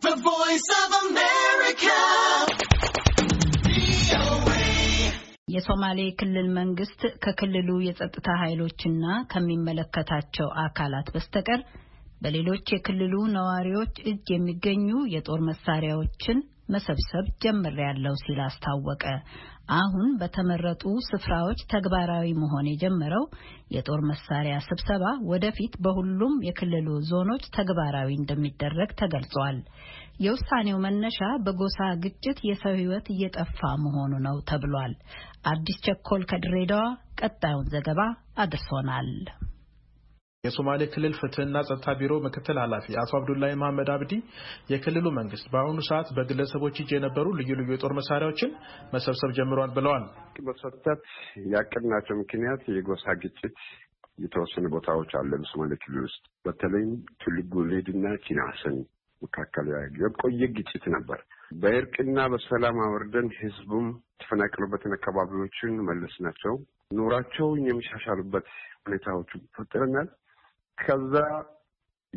The Voice of America. የሶማሌ ክልል መንግስት ከክልሉ የጸጥታ ኃይሎችና ከሚመለከታቸው አካላት በስተቀር በሌሎች የክልሉ ነዋሪዎች እጅ የሚገኙ የጦር መሳሪያዎችን መሰብሰብ ጀምሬያለሁ ሲል አስታወቀ። አሁን በተመረጡ ስፍራዎች ተግባራዊ መሆን የጀመረው የጦር መሳሪያ ስብሰባ ወደፊት በሁሉም የክልሉ ዞኖች ተግባራዊ እንደሚደረግ ተገልጿል። የውሳኔው መነሻ በጎሳ ግጭት የሰው ሕይወት እየጠፋ መሆኑ ነው ተብሏል። አዲስ ቸኮል ከድሬዳዋ ቀጣዩን ዘገባ አድርሶናል። የሶማሌ ክልል ፍትህና ጸጥታ ቢሮ ምክትል ኃላፊ አቶ አብዱላሂ መሐመድ አብዲ የክልሉ መንግስት በአሁኑ ሰዓት በግለሰቦች እጅ የነበሩ ልዩ ልዩ የጦር መሳሪያዎችን መሰብሰብ ጀምሯል ብለዋል። በሰጠት ያቀድናቸው ምክንያት የጎሳ ግጭት የተወሰኑ ቦታዎች አለ በሶማሌ ክልል ውስጥ በተለይም ቱሉ ጉሌድና ኪናስን መካከል የቆየ ግጭት ነበር። በእርቅና በሰላም አወርደን ህዝቡም የተፈናቀሉበትን አካባቢዎችን መለስ ናቸው ኑራቸውን የሚሻሻሉበት ሁኔታዎቹ ፈጥረናል። ከዛ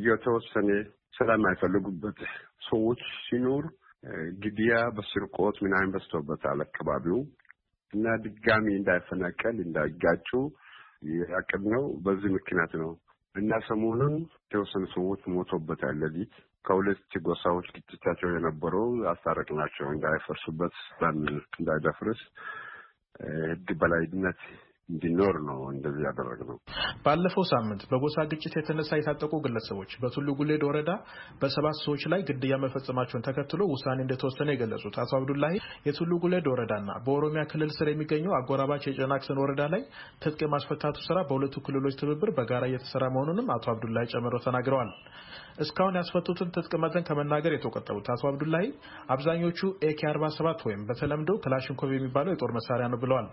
የተወሰነ ሰላም የማይፈልጉበት ሰዎች ሲኖር ግድያ በስርቆት ምናምን በዝቶበታል አካባቢው እና ድጋሚ እንዳይፈናቀል እንዳይጋጩ ያቅድ ነው። በዚህ ምክንያት ነው እና ሰሞኑን የተወሰኑ ሰዎች ሞቶበታል። ለሊት ከሁለት ጎሳዎች ግጭታቸው የነበረው አስታረቅ ናቸው። እንዳይፈርሱበት፣ ሰላም እንዳይደፍርስ ህግ በላይነት እንዲኖር ነው እንደዚህ ያደረግነው። ባለፈው ሳምንት በጎሳ ግጭት የተነሳ የታጠቁ ግለሰቦች በቱሉ ጉሌድ ወረዳ በሰባት ሰዎች ላይ ግድያ መፈጸማቸውን ተከትሎ ውሳኔ እንደተወሰነ የገለጹት አቶ አብዱላሂ የቱሉ ጉሌድ ወረዳና በኦሮሚያ ክልል ስር የሚገኘው አጎራባች የጨናክሰን ወረዳ ላይ ትጥቅ የማስፈታቱ ስራ በሁለቱ ክልሎች ትብብር በጋራ እየተሰራ መሆኑንም አቶ አብዱላሂ ጨምረው ተናግረዋል። እስካሁን ያስፈቱትን ትጥቅ መጠን ከመናገር የተቆጠቡት አቶ አብዱላሂ አብዛኞቹ ኤኬ 47 ወይም በተለምዶ ክላሽንኮቭ የሚባለው የጦር መሳሪያ ነው ብለዋል።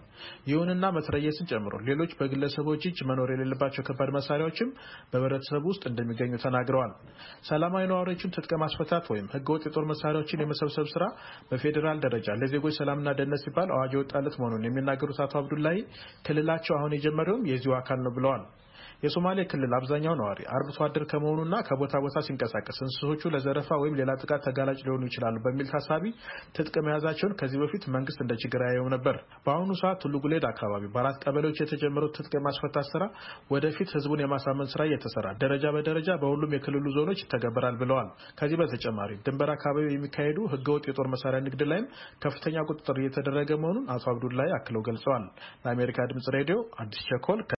ይሁንና መትረየስን ጨምሮ ሌሎች በግለሰቦች እጅ መኖር የሌለባቸው ከባድ መሳሪያዎችም በህብረተሰቡ ውስጥ እንደሚገኙ ተናግረዋል። ሰላማዊ ነዋሪዎችን ትጥቅ ማስፈታት ወይም ህገወጥ የጦር መሳሪያዎችን የመሰብሰብ ስራ በፌዴራል ደረጃ ለዜጎች ሰላምና ደህንነት ሲባል አዋጅ የወጣለት መሆኑን የሚናገሩት አቶ አብዱላሂ ክልላቸው አሁን የጀመረውም የዚሁ አካል ነው ብለዋል። የሶማሌ ክልል አብዛኛው ነዋሪ አርብቶ አደር ከመሆኑና ከቦታ ቦታ ሲንቀሳቀስ እንስሶቹ ለዘረፋ ወይም ሌላ ጥቃት ተጋላጭ ሊሆኑ ይችላሉ በሚል ታሳቢ ትጥቅ መያዛቸውን ከዚህ በፊት መንግስት እንደ ችግር ያየው ነበር። በአሁኑ ሰዓት ቱሉ ጉሌድ አካባቢ በአራት ቀበሌዎች የተጀመረው ትጥቅ የማስፈታት ስራ ወደፊት ህዝቡን የማሳመን ስራ እየተሰራ ደረጃ በደረጃ በሁሉም የክልሉ ዞኖች ይተገበራል ብለዋል። ከዚህ በተጨማሪ ድንበር አካባቢ የሚካሄዱ ህገወጥ የጦር መሳሪያ ንግድ ላይም ከፍተኛ ቁጥጥር እየተደረገ መሆኑን አቶ አብዱላይ አክለው ገልጸዋል። ለአሜሪካ ድምጽ ሬዲዮ አዲስ ቸኮል